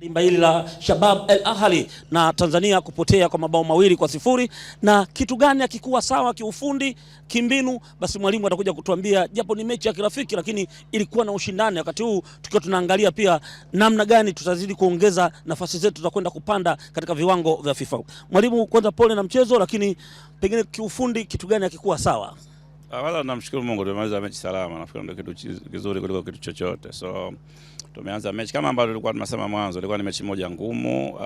dimba hili la Shabab El Ahli na Tanzania kupotea kwa mabao mawili kwa sifuri. Na kitu gani akikuwa sawa kiufundi, kimbinu, basi mwalimu atakuja kutuambia, japo ni mechi ya kirafiki, lakini ilikuwa na ushindani. Wakati huu tukiwa tunaangalia pia namna gani tutazidi kuongeza nafasi zetu za kwenda kupanda katika viwango vya FIFA. Mwalimu, kwanza pole na mchezo, lakini pengine kiufundi, kitu gani akikuwa sawa? Ah, wala namshukuru Mungu tumemaliza mechi salama, nafikiri ndio kitu kizuri kuliko kitu chochote so Tumeanza mechi kama ambavyo tulikuwa tumesema mwanzo, ilikuwa ni mechi moja ngumu. Uh,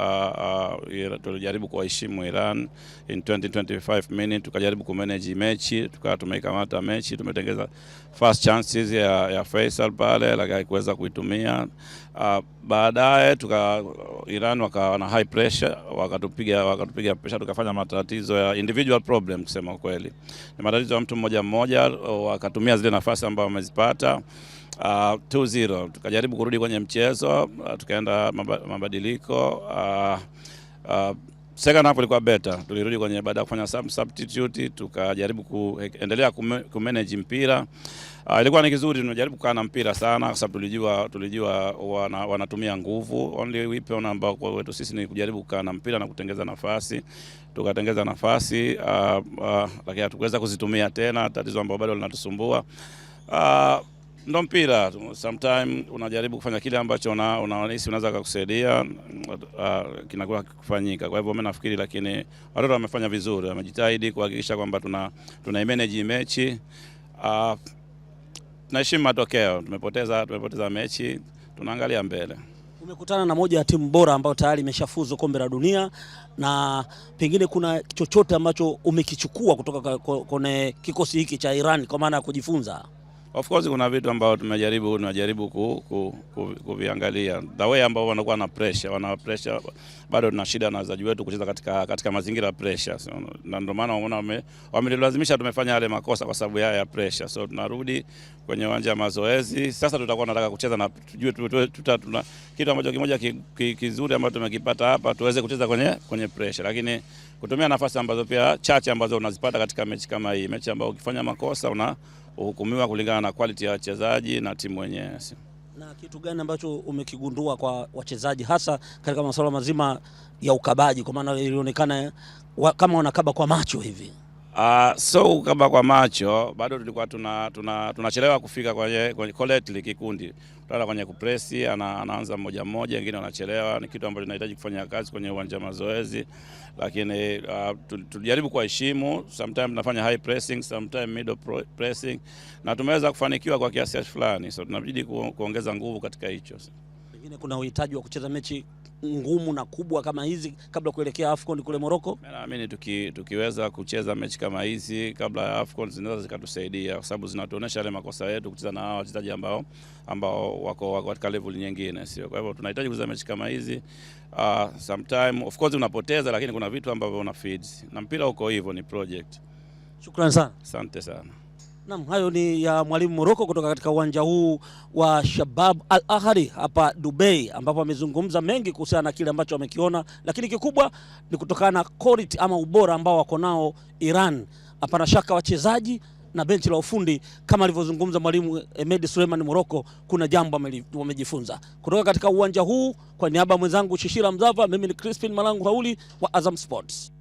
uh, Tulijaribu kuwaheshimu Iran in 20 25 minutes, tukajaribu kumanage mechi, tukawa tumeikamata mechi, tumetengeza first chances ya, ya Faisal pale lakini kuweza kuitumia. Uh, Baadaye tuka Iran wakawa na high pressure, wakatupiga wakatupiga pressure, tukafanya matatizo ya individual problem, kusema kweli ni matatizo ya mtu mmoja mmoja, wakatumia zile nafasi ambazo wamezipata uh, ah, 2-0 tukajaribu kurudi kwenye mchezo uh, tukaenda mabadiliko uh, uh, second half ilikuwa better, tulirudi kwenye baada ya kufanya some substitute, tukajaribu kuendelea kumanage mpira uh, ilikuwa ni kizuri, tunajaribu kukaa na mpira sana, kwa sababu tulijua tulijua wana, wanatumia nguvu. Only weapon ambao kwa wetu sisi ni kujaribu kukaa na mpira na kutengeza nafasi, tukatengeza nafasi uh, uh, lakini hatukuweza kuzitumia tena, tatizo ambalo bado linatusumbua uh, ndo mpira sometime unajaribu kufanya kile ambacho unahisi unaweza kukusaidia uh, kinakuwa kufanyika. Kwa hivyo mimi nafikiri, lakini watoto wamefanya vizuri, wamejitahidi kuhakikisha kwamba tuna, tuna manage mechi uh, tunaheshimu matokeo. Tumepoteza, tumepoteza mechi, tunaangalia mbele. Umekutana na moja ya timu bora ambayo tayari imeshafuzu kombe la dunia, na pengine kuna chochote ambacho umekichukua kutoka kwenye kikosi hiki cha Iran kwa maana ya kujifunza? Of course kuna vitu ambavyo tumejaribu tunajaribu ku, ku, ku, ku the way ambao wanakuwa na pressure, wana pressure bado tuna shida na wachezaji wetu kucheza katika, katika mazingira ya pressure so, na ndio maana unaona wamelazimisha tumefanya yale makosa kwa sababu yaya ya pressure. So tunarudi kwenye uwanja wa mazoezi sasa, tutakuwa tunataka kucheza na tujue tuta, tuna kitu ambacho kimoja kizuri ambacho tumekipata hapa, tuweze kucheza kwenye, kwenye pressure, lakini kutumia nafasi ambazo pia chache ambazo unazipata katika mechi kama hii, mechi ambayo ukifanya makosa una huhukumiwa kulingana na quality ya wachezaji na timu wenyewe. Na kitu gani ambacho umekigundua kwa wachezaji hasa katika masuala mazima ya ukabaji, kwa maana ilionekana kama wanakaba kwa macho hivi? Uh, so kama kwa macho bado tulikuwa tunachelewa tuna, tuna kufika kwenye, kwenye collectively kikundi utaona kwenye kupresi ana, anaanza mmoja mmoja, wengine wanachelewa. Ni kitu ambacho tunahitaji kufanya kazi kwenye uwanja mazoezi, lakini uh, ah, tulijaribu kuheshimu. Sometimes tunafanya high pressing, sometimes middle pressing na tumeweza kufanikiwa kwa kiasi fulani, so tunabidi ku, kuongeza nguvu katika hicho. Pengine kuna uhitaji wa kucheza mechi ngumu na kubwa kama hizi kabla kuelekea AFCON kule Morocco? Naamini tuki, tukiweza kucheza mechi kama hizi kabla ya AFCON zinaweza zikatusaidia, kwa sababu zinatuonyesha yale makosa yetu kucheza na hao wachezaji ambao ambao wako katika level nyingine, sio? Kwa hivyo tunahitaji kucheza mechi kama hizi. Uh, sometime of course unapoteza, lakini kuna vitu ambavyo una feed na mpira uko hivyo, ni project. Shukrani sana, asante sana. Naam, hayo ni ya mwalimu Moroko kutoka katika uwanja huu wa Shabab Al Ahli hapa Dubai, ambapo amezungumza mengi kuhusiana na kile ambacho amekiona, lakini kikubwa ni kutokana na quality ama ubora ambao wako nao Iran. Hapana shaka wachezaji na benchi la ufundi kama alivyozungumza mwalimu emedi Suleiman Moroko, kuna jambo wamejifunza kutoka katika uwanja huu. Kwa niaba ya mwenzangu Shishira Mzava, mimi ni Crispin Malangu Hauli wa Azam Sports.